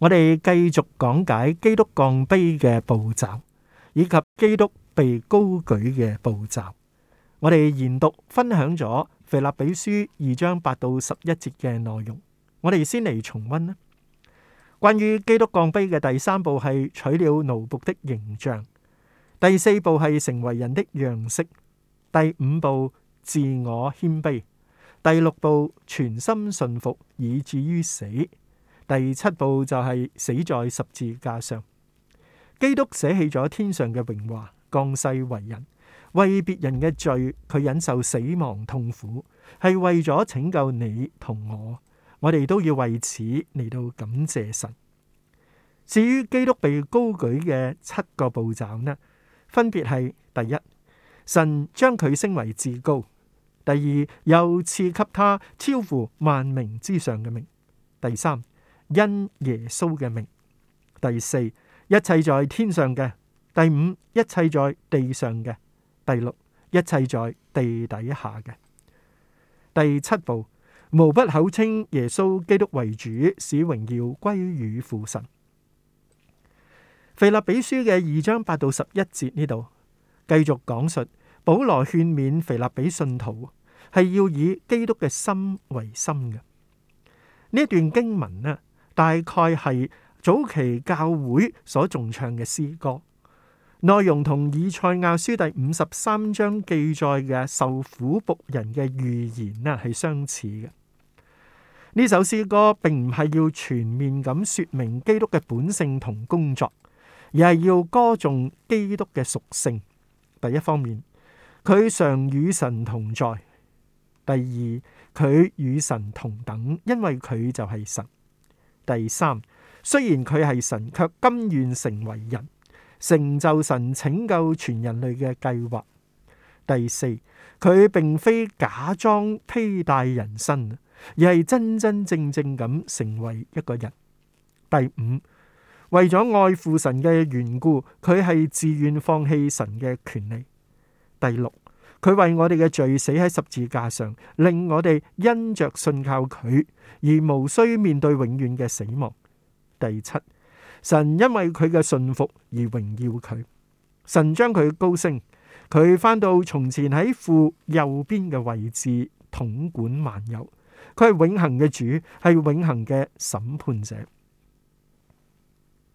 我哋繼續講解基督降卑嘅步驟，以及基督被高舉嘅步驟。我哋研讀分享咗腓立比書二章八到十一節嘅內容。我哋先嚟重溫啦。關於基督降卑嘅第三步係取了奴僕的形象，第四步係成為人的樣式，第五步自我謙卑，第六步全心順服以至於死。第七步就係、是、死在十字架上，基督捨棄咗天上嘅榮華，降世為人，為別人嘅罪，佢忍受死亡痛苦，係為咗拯救你同我。我哋都要為此嚟到感謝神。至於基督被高舉嘅七個步驟呢，分別係第一，神將佢升為至高；第二，又賜給他超乎萬名之上嘅名；第三。因耶穌嘅名，第四，一切在天上嘅；第五，一切在地上嘅；第六，一切在地底下嘅；第七步，無不口稱耶穌基督為主，使榮耀歸於父神。腓立比書嘅二章八到十一節呢度，繼續講述保羅勸勉腓立比信徒，係要以基督嘅心為心嘅。呢段經文呢，大概係早期教會所重唱嘅詩歌，內容同以賽亞書第五十三章記載嘅受苦僕人嘅預言呢係相似嘅。呢首詩歌並唔係要全面咁說明基督嘅本性同工作，而係要歌頌基督嘅屬性。第一方面，佢常與神同在；第二，佢與神同等，因為佢就係神。第三，雖然佢係神，卻甘願成為人，成就神拯救全人類嘅計劃。第四，佢並非假裝披戴人身，而係真真正正咁成為一個人。第五，為咗愛父神嘅緣故，佢係自願放棄神嘅權利。第六。佢為我哋嘅罪死喺十字架上，令我哋因着信靠佢而無需面對永遠嘅死亡。第七，神因為佢嘅信服而榮耀佢，神將佢高升，佢翻到從前喺父右邊嘅位置統管萬有。佢係永恆嘅主，係永恆嘅審判者。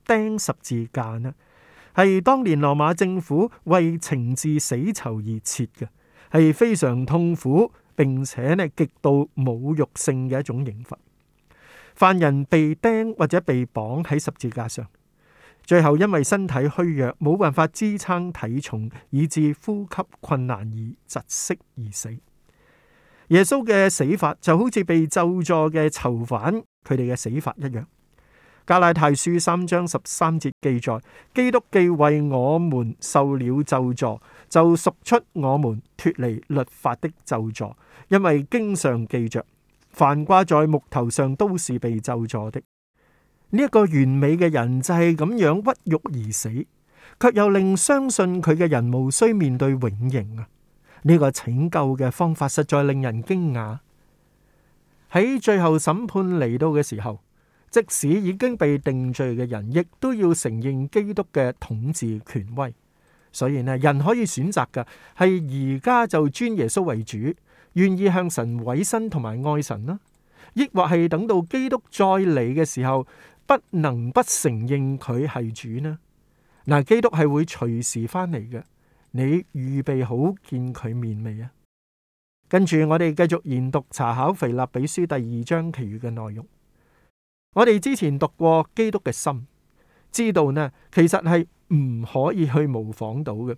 釘十字架呢，係當年羅馬政府為懲治死囚而設嘅，係非常痛苦並且呢極度侮辱性嘅一種刑罰。犯人被釘或者被綁喺十字架上，最後因為身體虛弱冇辦法支撐體重，以致呼吸困難而窒息而死。耶穌嘅死法就好似被咒詛嘅囚犯佢哋嘅死法一樣。加拉太書三章十三節記載：基督既為我們受了咒詛，就贖出我們脫離律法的咒詛。因為經常記着，凡掛在木頭上都是被咒詛的。呢一、這個完美嘅人就係咁樣屈辱而死，卻又令相信佢嘅人無需面對永刑啊！呢、這個拯救嘅方法實在令人驚訝。喺最後審判嚟到嘅時候。即使已經被定罪嘅人，亦都要承認基督嘅統治權威。所以呢，人可以選擇嘅係而家就尊耶穌為主，願意向神委身同埋愛神啦，亦或係等到基督再嚟嘅時候，不能不承認佢係主呢？嗱，基督係會隨時翻嚟嘅，你預備好見佢面未啊？跟住我哋繼續研讀查考腓立比書第二章其餘嘅內容。我哋之前讀過基督嘅心，知道呢，其實係唔可以去模仿到嘅。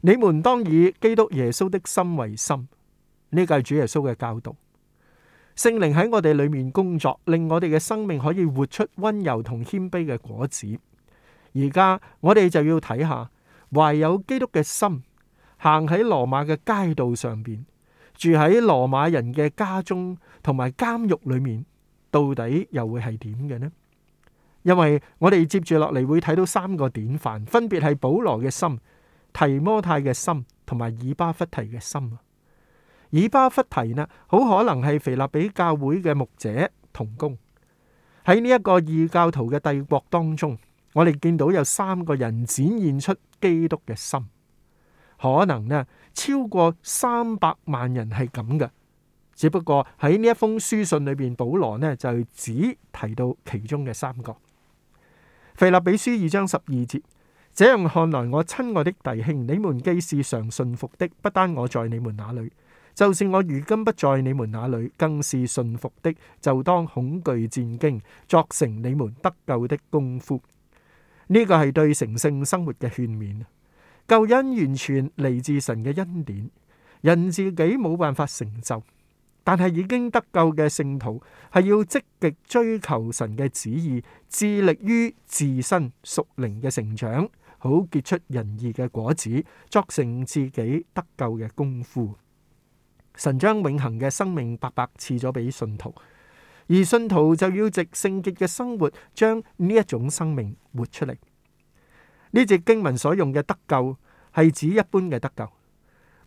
你們當以基督耶穌的心為心，呢個係主耶穌嘅教導。聖靈喺我哋裏面工作，令我哋嘅生命可以活出溫柔同謙卑嘅果子。而家我哋就要睇下，懷有基督嘅心，行喺羅馬嘅街道上邊，住喺羅馬人嘅家中同埋監獄裏面。到底又會係點嘅呢？因為我哋接住落嚟會睇到三個典範，分別係保羅嘅心、提摩太嘅心同埋以巴弗提嘅心啊！以巴弗提呢，好可能係腓立比教會嘅牧者同工。喺呢一個異教徒嘅帝國當中，我哋見到有三個人展現出基督嘅心，可能呢，超過三百萬人係咁嘅。只不過喺呢一封書信裏邊，保羅呢就只提到其中嘅三個。腓立比書二章十二節，這樣看來，我親愛的弟兄，你們既是常信服的，不單我在你們那裏，就算我如今不在你們那裏，更是信服的，就當恐懼戰驚，作成你們得救的功夫。呢、這個係對成聖生活嘅勸勉，救恩完全嚟自神嘅恩典，人自己冇辦法成就。但係已經得救嘅聖徒，係要積極追求神嘅旨意，致力於自身屬靈嘅成長，好結出仁義嘅果子，作成自己得救嘅功夫。神將永恆嘅生命白白賜咗俾信徒，而信徒就要藉聖潔嘅生活，將呢一種生命活出嚟。呢節經文所用嘅得救，係指一般嘅得救。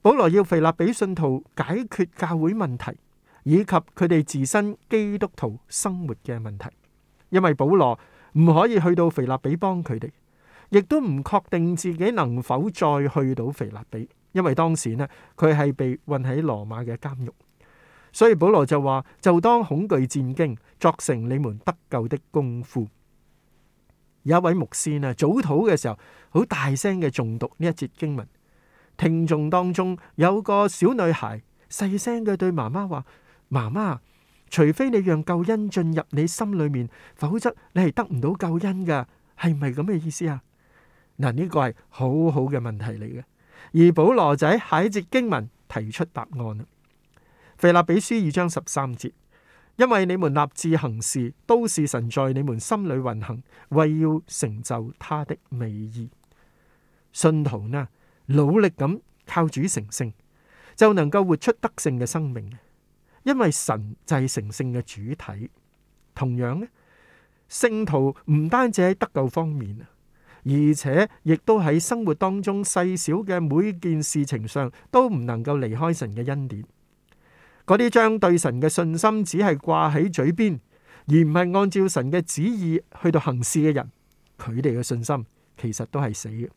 保羅要腓立比信徒解決教會問題。以及佢哋自身基督徒生活嘅問題，因為保羅唔可以去到腓立比幫佢哋，亦都唔確定自己能否再去到腓立比，因為當時呢，佢係被困喺羅馬嘅監獄。所以保羅就話：就當恐懼戰兢，作成你們得救的功夫。有一位牧師呢，早禱嘅時候，好大聲嘅誦讀呢一節經文，聽眾當中有個小女孩細聲嘅對媽媽話。媽媽，除非你讓救恩進入你心裏面，否則你係得唔到救恩噶，係咪咁嘅意思啊？嗱，呢個係好好嘅問題嚟嘅。而保羅仔下一節經文提出答案啦，《腓立比書》二章十三節，因為你們立志行事都是神在你們心裏運行，為要成就他的美意。信徒呢，努力咁靠主成聖，就能夠活出德性嘅生命。因為神就係成聖嘅主體，同樣呢，聖徒唔單止喺得救方面啊，而且亦都喺生活當中細小嘅每件事情上，都唔能夠離開神嘅恩典。嗰啲將對神嘅信心只係掛喺嘴邊，而唔係按照神嘅旨意去到行事嘅人，佢哋嘅信心其實都係死嘅。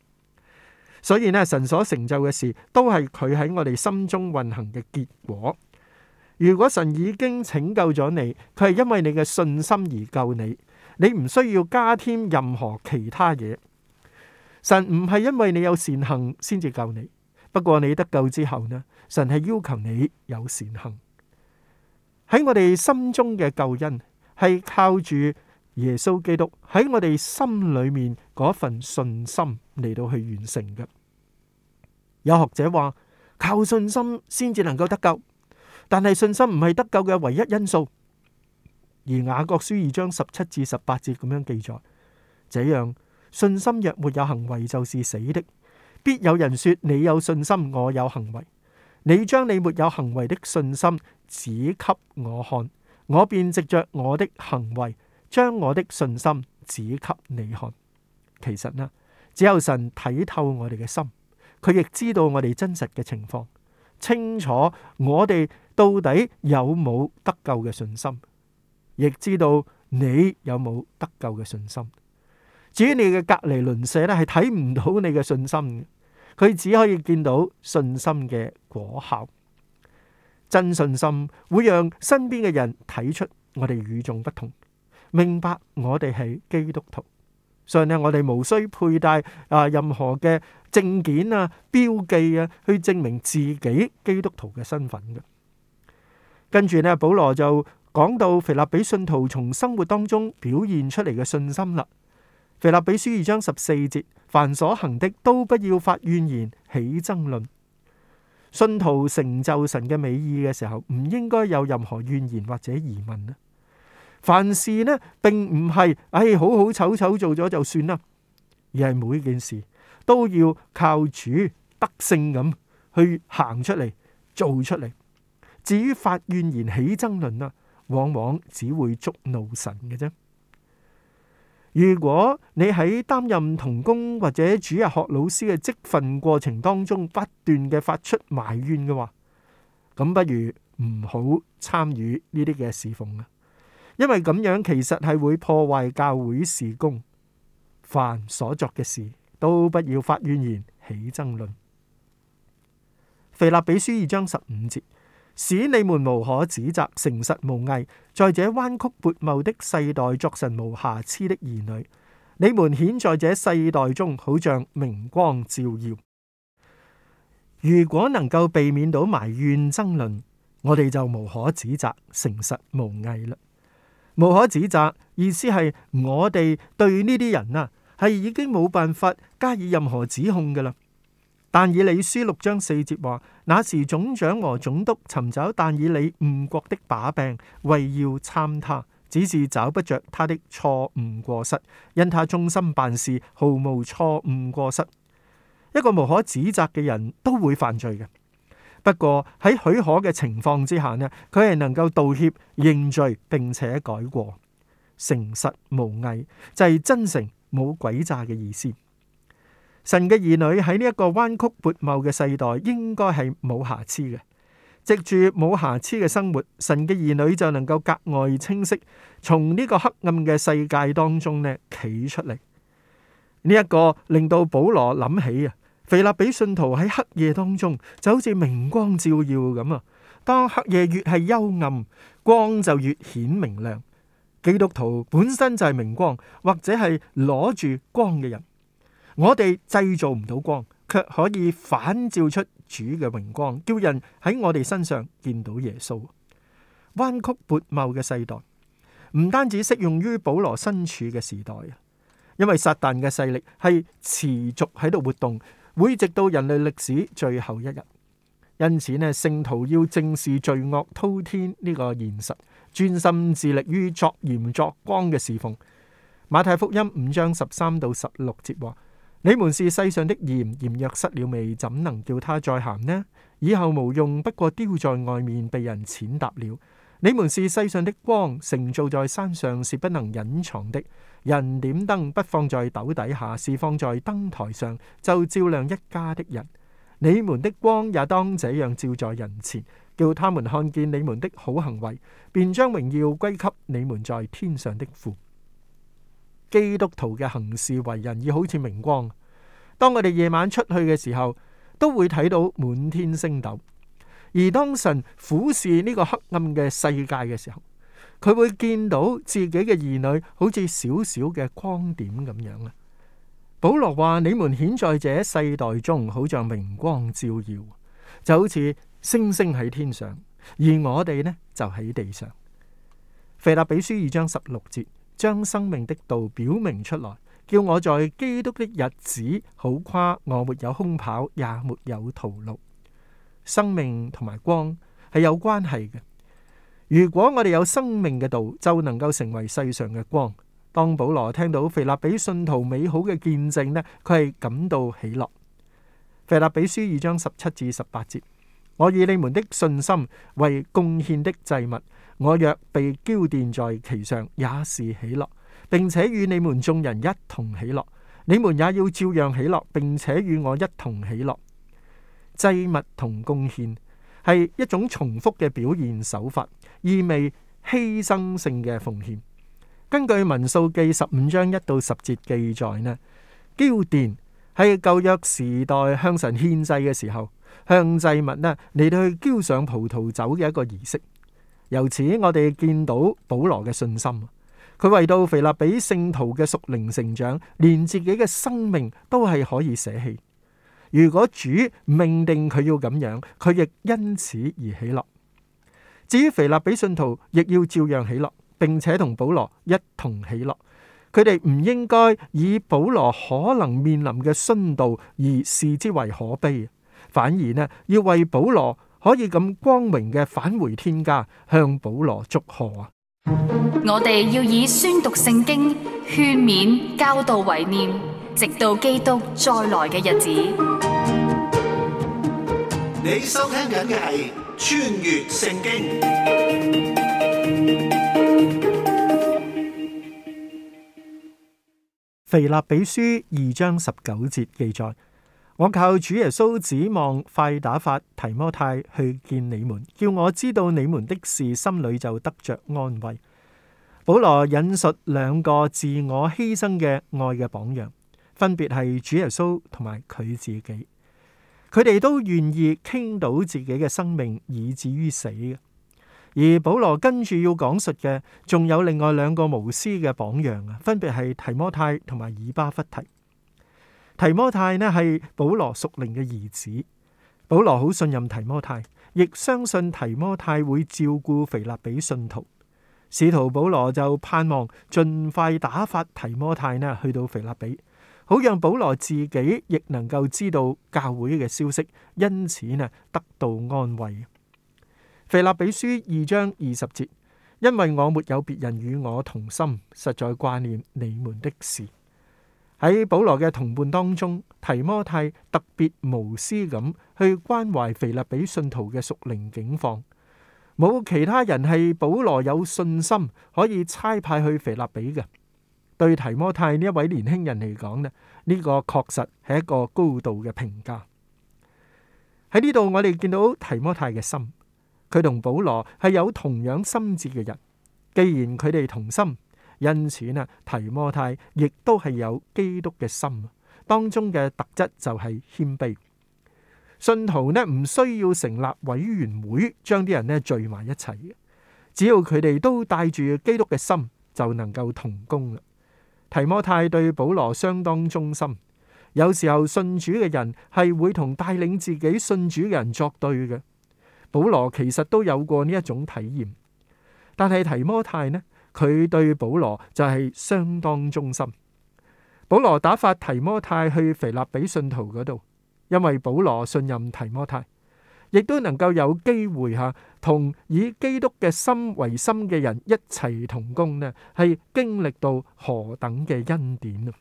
所以呢，神所成就嘅事，都係佢喺我哋心中運行嘅結果。如果神已經拯救咗你，佢係因為你嘅信心而救你，你唔需要加添任何其他嘢。神唔係因為你有善行先至救你，不過你得救之後呢，神係要求你有善行。喺我哋心中嘅救恩係靠住耶穌基督喺我哋心裏面嗰份信心嚟到去完成嘅。有學者話靠信心先至能夠得救。但係信心唔係得救嘅唯一因素，而雅各書二章十七至十八節咁樣記載：這樣信心若沒有行為，就是死的；必有人說你有信心，我有行為。你將你沒有行為的信心指給我看，我便藉着着我的行為將我的信心指給你看。其實呢，只有神睇透我哋嘅心，佢亦知道我哋真實嘅情況，清楚我哋。到底有冇得救嘅信心，亦知道你有冇得救嘅信心。至於你嘅隔離鄰舍咧，係睇唔到你嘅信心嘅，佢只可以見到信心嘅果效。真信心會讓身邊嘅人睇出我哋與眾不同，明白我哋係基督徒，所以咧我哋無需佩戴啊任何嘅證件啊、標記啊，去證明自己基督徒嘅身份嘅。跟住呢，保羅就講到腓立比信徒從生活當中表現出嚟嘅信心啦。腓立比書二章十四節：凡所行的，都不要發怨言，起爭論。信徒成就神嘅美意嘅時候，唔應該有任何怨言或者疑問啊！凡事呢，並唔係唉，好好丑醜做咗就算啦，而係每件事都要靠主得勝咁去行出嚟，做出嚟。至於發怨言起爭論啊，往往只會觸怒神嘅啫。如果你喺擔任同工或者主日學老師嘅積分過程當中，不斷嘅發出埋怨嘅話，咁不如唔好參與呢啲嘅侍奉啊。因為咁樣其實係會破壞教會事工。凡所作嘅事，都不要發怨言起爭論。腓立比書二章十五節。使你們無可指責，誠實無偽，在這彎曲悖謬的世代作神無瑕疵的兒女，你們顯在這世代中，好像明光照耀。如果能夠避免到埋怨爭論，我哋就無可指責，誠實無偽啦。無可指責意思係我哋對呢啲人啊，係已經冇辦法加以任何指控㗎喇。但以理書六章四節話，那時總長和總督尋找但以理誤國的把柄，為要參他，只是找不着他的錯誤過失，因他忠心辦事，毫無錯誤過失。一個無可指責嘅人都會犯罪嘅，不過喺許可嘅情況之下呢，佢係能夠道歉認罪，並且改過，誠實無偽就係、是、真誠冇詭詐嘅意思。神嘅兒女喺呢一個彎曲悖謬嘅世代，應該係冇瑕疵嘅。藉住冇瑕疵嘅生活，神嘅兒女就能夠格外清晰，從呢個黑暗嘅世界當中呢，企出嚟。呢一個令到保羅諗起啊，腓立比信徒喺黑夜當中，就好似明光照耀咁啊。當黑夜越係幽暗，光就越顯明亮。基督徒本身就係明光，或者係攞住光嘅人。我哋製造唔到光，卻可以反照出主嘅榮光，叫人喺我哋身上見到耶穌。彎曲悖謬嘅世代唔單止適用於保羅身處嘅時代，因為撒旦嘅勢力係持續喺度活動，會直到人類歷史最後一日。因此咧，聖徒要正視罪惡滔天呢個現實，專心致力於作鹽作光嘅侍奉。馬太福音五章十三到十六節話。你們是世上的鹽，鹽若失了味，怎能叫它再鹹呢？以後無用，不過丟在外面，被人踐踏了。你們是世上的光，城造在山上是不能隱藏的。人點燈，不放在斗底下，是放在燈臺上，就照亮一家的人。你們的光也當這樣照在人前，叫他們看見你們的好行為，便將榮耀歸給你們在天上的父。基督徒嘅行事為人已好似明光。當我哋夜晚出去嘅時候，都會睇到滿天星斗。而當神俯視呢個黑暗嘅世界嘅時候，佢會見到自己嘅兒女好似小小嘅光點咁樣啊！保羅話：你們顯在這世代中，好像明光照耀，就好似星星喺天上，而我哋呢就喺地上。腓立比書二章十六節。將生命的道表明出來，叫我在基督的日子好誇，我沒有空跑，也沒有徒勞。生命同埋光係有關係嘅。如果我哋有生命嘅道，就能夠成為世上嘅光。當保羅聽到腓立比信徒美好嘅見證呢，佢係感到喜樂。腓立比書二章十七至十八節：我以你們的信心為貢獻的祭物。我若被澆奠在其上，也是喜樂，並且與你們眾人一同喜樂。你們也要照樣喜樂，並且與我一同喜樂。祭物同貢獻係一種重複嘅表現手法，意味犧牲性嘅奉獻。根據民數記十五章一到十節記載呢，澆奠係舊約時代向神獻祭嘅時候，向祭物呢嚟到去澆上葡萄酒嘅一個儀式。由此，我哋見到保羅嘅信心。佢為到腓立比聖徒嘅屬靈成長，連自己嘅生命都係可以捨棄。如果主命定佢要咁樣，佢亦因此而喜樂。至於腓立比信徒，亦要照樣喜樂，並且同保羅一同喜樂。佢哋唔應該以保羅可能面臨嘅殉道而視之為可悲，反而呢，要為保羅。可以咁光榮嘅返回天家，向保羅祝賀啊！我哋要以宣讀聖經、勸勉、教導、為念，直到基督再來嘅日子。你收聽緊嘅係《穿越聖經》。腓立比書二章十九節記載。我靠主耶穌指望快打發提摩太去見你們，叫我知道你們的事，心裏就得着安慰。保羅引述兩個自我犧牲嘅愛嘅榜樣，分別係主耶穌同埋佢自己。佢哋都願意傾倒自己嘅生命，以至於死嘅。而保羅跟住要講述嘅，仲有另外兩個無私嘅榜樣啊，分別係提摩太同埋以巴弗提。提摩太呢係保羅屬靈嘅兒子，保羅好信任提摩太，亦相信提摩太會照顧腓立比信徒。使徒保羅就盼望盡快打發提摩太呢去到腓立比，好讓保羅自己亦能夠知道教會嘅消息，因此呢得到安慰。腓立比書二章二十節，因為我沒有別人與我同心，實在掛念你們的事。喺保羅嘅同伴當中，提摩太特別無私咁去關懷腓立比信徒嘅屬靈境況，冇其他人係保羅有信心可以差派去腓立比嘅。對提摩太呢一位年輕人嚟講咧，呢個確實係一個高度嘅評價。喺呢度我哋見到提摩太嘅心，佢同保羅係有同樣心志嘅人。既然佢哋同心。因此啊，提摩太亦都係有基督嘅心，當中嘅特質就係謙卑。信徒咧，唔需要成立委員會，將啲人咧聚埋一齊，只要佢哋都帶住基督嘅心，就能夠同工。提摩太對保羅相當忠心，有時候信主嘅人係會同帶領自己信主嘅人作對嘅。保羅其實都有過呢一種體驗，但係提摩太呢？佢對保羅就係相當忠心。保羅打發提摩太去腓立比信徒嗰度，因為保羅信任提摩太，亦都能夠有機會吓同以基督嘅心為心嘅人一齊同工呢，係經歷到何等嘅恩典啊！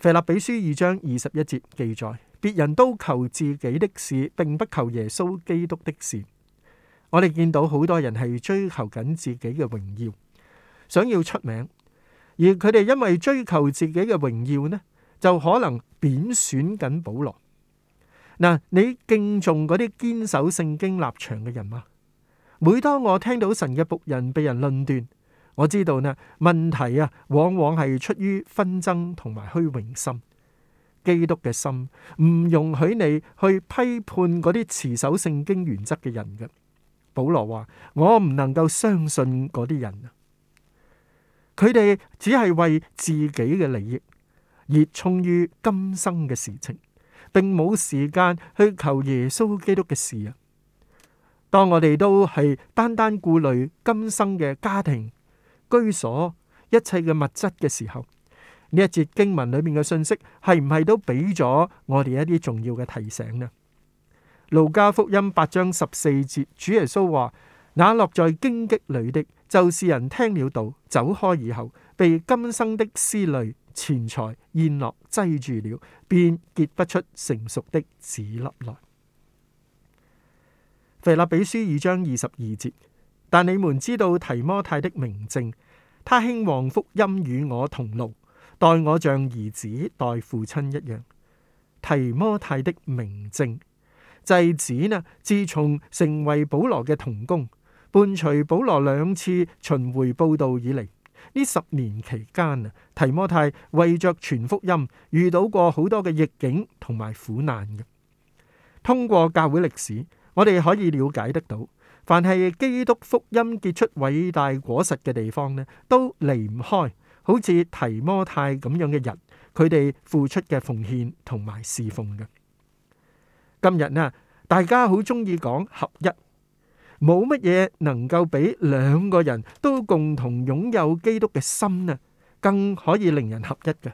腓立比書二章二十一節記載：別人都求自己的事，並不求耶穌基督的事。我哋見到好多人係追求緊自己嘅榮耀，想要出名，而佢哋因為追求自己嘅榮耀呢，就可能貶損緊保羅。嗱，你敬重嗰啲堅守聖經立場嘅人嗎？啊？每當我聽到神嘅僕人被人論斷，我知道呢問題啊，往往係出於紛爭同埋虛榮心。基督嘅心唔容許你去批判嗰啲持守聖經原則嘅人嘅。保羅話：我唔能夠相信嗰啲人啊，佢哋只係為自己嘅利益熱衷於今生嘅事情，並冇時間去求耶穌基督嘅事啊！當我哋都係單單顧慮今生嘅家庭、居所、一切嘅物質嘅時候，呢一節經文裏面嘅信息係唔係都俾咗我哋一啲重要嘅提醒呢？路加福音八章十四節，主耶穌話：那落在荊棘裏的，就是人聽了道走開以後，被今生的思慮、錢財、宴樂擠住了，便結不出成熟的子粒來。腓立比書二章二十二節，但你們知道提摩太的明證，他興旺福音與我同勞，待我像兒子待父親一樣。提摩太的明證。制止呢？自從成為保羅嘅同工，伴隨保羅兩次巡迴佈道以嚟呢十年期間啊，提摩太為着全福音，遇到過好多嘅逆境同埋苦難嘅。通過教會歷史，我哋可以了解得到，凡係基督福音結出偉大果實嘅地方呢，都離唔開好似提摩太咁樣嘅人，佢哋付出嘅奉獻同埋侍奉嘅。今日呢，大家好中意講合一，冇乜嘢能夠俾兩個人都共同擁有基督嘅心呢，更可以令人合一嘅。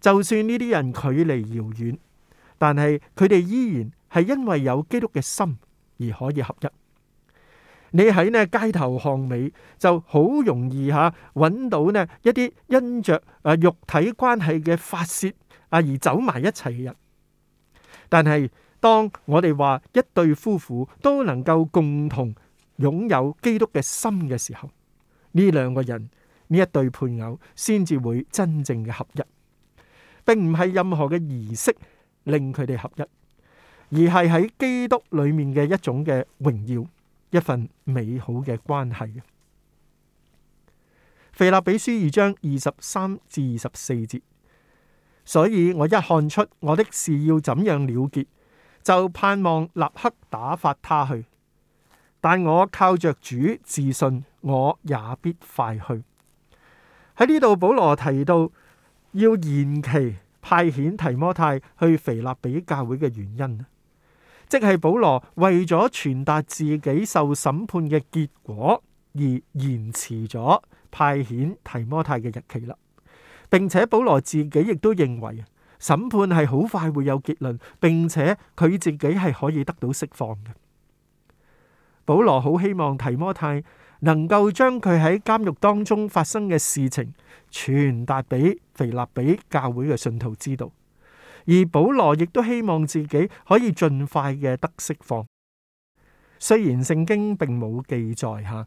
就算呢啲人距離遙遠，但係佢哋依然係因為有基督嘅心而可以合一。你喺呢街頭巷尾就好容易吓搵到呢一啲因着啊肉體關係嘅發洩啊而走埋一齊嘅人。但係，當我哋話一對夫婦都能夠共同擁有基督嘅心嘅時候，呢兩個人呢一對配偶先至會真正嘅合一，並唔係任何嘅儀式令佢哋合一，而係喺基督裏面嘅一種嘅榮耀，一份美好嘅關係。腓立比書二章二十三至二十四節。所以我一看出我的事要怎樣了結，就盼望立刻打發他去。但我靠着主自信，我也必快去。喺呢度保羅提到要延期派遣提摩太去腓立比教會嘅原因，即係保羅為咗傳達自己受審判嘅結果而延遲咗派遣提摩太嘅日期啦。並且保羅自己亦都認為審判係好快會有結論，並且佢自己係可以得到釋放嘅。保羅好希望提摩太能夠將佢喺監獄當中發生嘅事情傳達俾腓立比教會嘅信徒知道，而保羅亦都希望自己可以盡快嘅得釋放。雖然聖經並冇記載吓，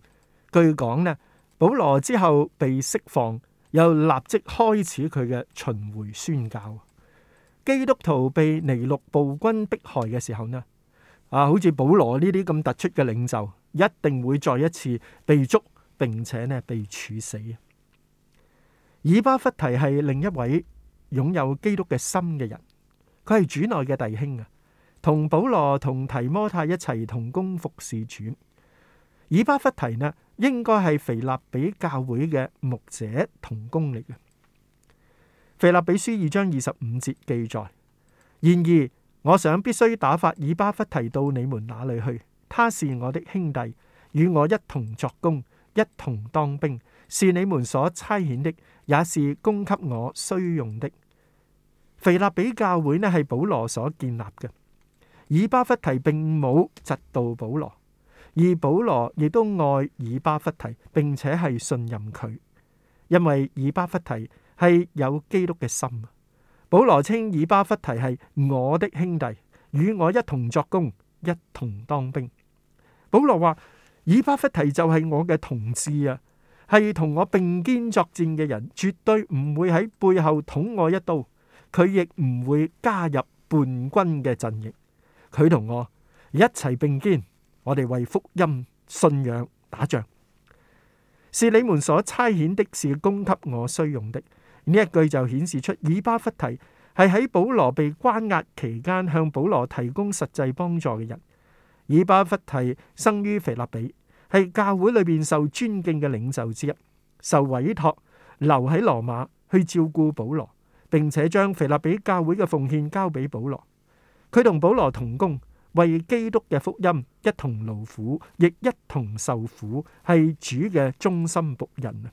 據講呢，保羅之後被釋放，又立即開始佢嘅巡迴宣教。基督徒被尼禄暴君迫害嘅時候呢？啊，好似保羅呢啲咁突出嘅領袖，一定會再一次被捉，並且呢，被處死。以巴弗提係另一位擁有基督嘅心嘅人，佢係主內嘅弟兄啊，同保羅同提摩太一齊同工服侍主。以巴弗提呢？應該係腓立比教會嘅牧者同工力嘅。腓立比書二章二十五節記載。然而，我想必須打發以巴弗提到你們那裏去。他是我的兄弟，與我一同作工，一同當兵，是你們所差遣的，也是供給我需用的。腓立比教會呢係保羅所建立嘅。以巴弗提並冇嫉妒保羅。而保羅亦都愛以巴弗提，並且係信任佢，因為以巴弗提係有基督嘅心。保羅稱以巴弗提係我的兄弟，與我一同作工，一同當兵。保羅話：以巴弗提就係我嘅同志啊，係同我並肩作戰嘅人，絕對唔會喺背後捅我一刀。佢亦唔會加入叛軍嘅陣營。佢同我一齊並肩。我哋為福音信仰打仗，是你們所差遣的，是供給我需用的。呢一句就顯示出以巴弗提係喺保羅被關押期間向保羅提供實際幫助嘅人。以巴弗提生於腓立比，係教會裏面受尊敬嘅領袖之一，受委託留喺羅馬去照顧保羅，並且將腓立比教會嘅奉獻交俾保羅。佢同保羅同工。為基督嘅福音一同勞苦，亦一同受苦，係主嘅忠心僕人啊！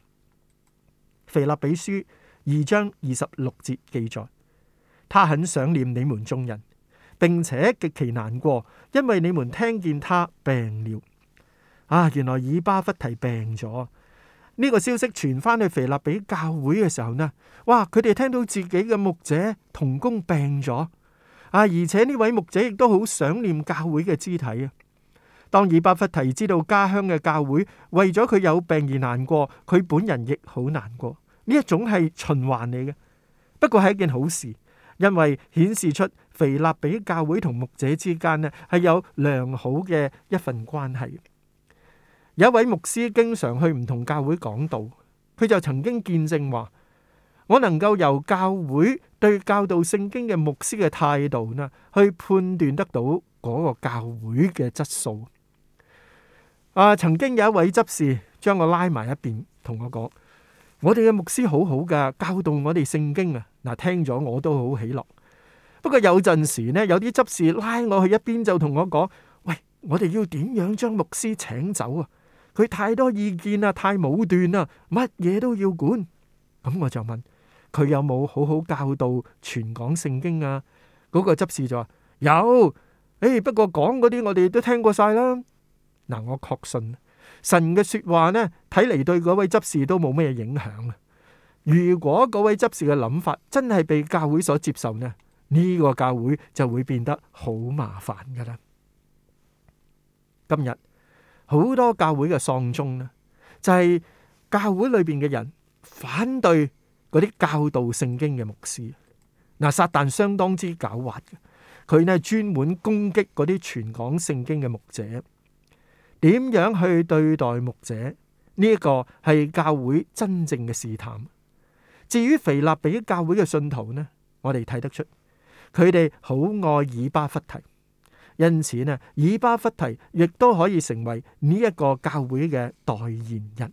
腓立比書二章二十六節記載，他很想念你們眾人，並且極其難過，因為你們聽見他病了。啊，原來以巴弗提病咗，呢、呢個消息傳翻去腓立比教會嘅時候呢，哇，佢哋聽到自己嘅牧者同工病咗。啊！而且呢位牧者亦都好想念教會嘅肢體啊。當以巴弗提知道家鄉嘅教會為咗佢有病而難過，佢本人亦好難過。呢一種係循環嚟嘅，不過係一件好事，因為顯示出腓立比教會同牧者之間咧係有良好嘅一份關係。有一位牧師經常去唔同教會講道，佢就曾經見證話，我能夠由教會。對教導聖經嘅牧師嘅態度呢，去判斷得到嗰個教會嘅質素。啊，曾經有一位執事將我拉埋一邊，同我講：我哋嘅牧師好好噶，教導我哋聖經啊，嗱，聽咗我都好喜樂。不過有陣時呢，有啲執事拉我去一邊就同我講：喂，我哋要點樣將牧師請走啊？佢太多意見啊，太武斷啊，乜嘢都要管。咁我就問。佢有冇好好教導全港聖經啊？嗰個執事就話有，誒，不過講嗰啲我哋都聽過晒啦。嗱，我確信神嘅說話呢，睇嚟對嗰位執事都冇咩影響啊。如果嗰位執事嘅諗法真係被教會所接受呢，呢個教會就會變得好麻煩噶啦。今日好多教會嘅喪鐘呢，就係教會裏邊嘅人反對嗰啲教導聖經嘅牧師，嗱，撒但相當之狡猾嘅，佢呢專門攻擊嗰啲傳講聖經嘅牧者。點樣去對待牧者，呢一個係教會真正嘅試探。至於腓立比教會嘅信徒呢，我哋睇得出佢哋好愛以巴弗提，因此呢，以巴弗提亦都可以成為呢一個教會嘅代言人。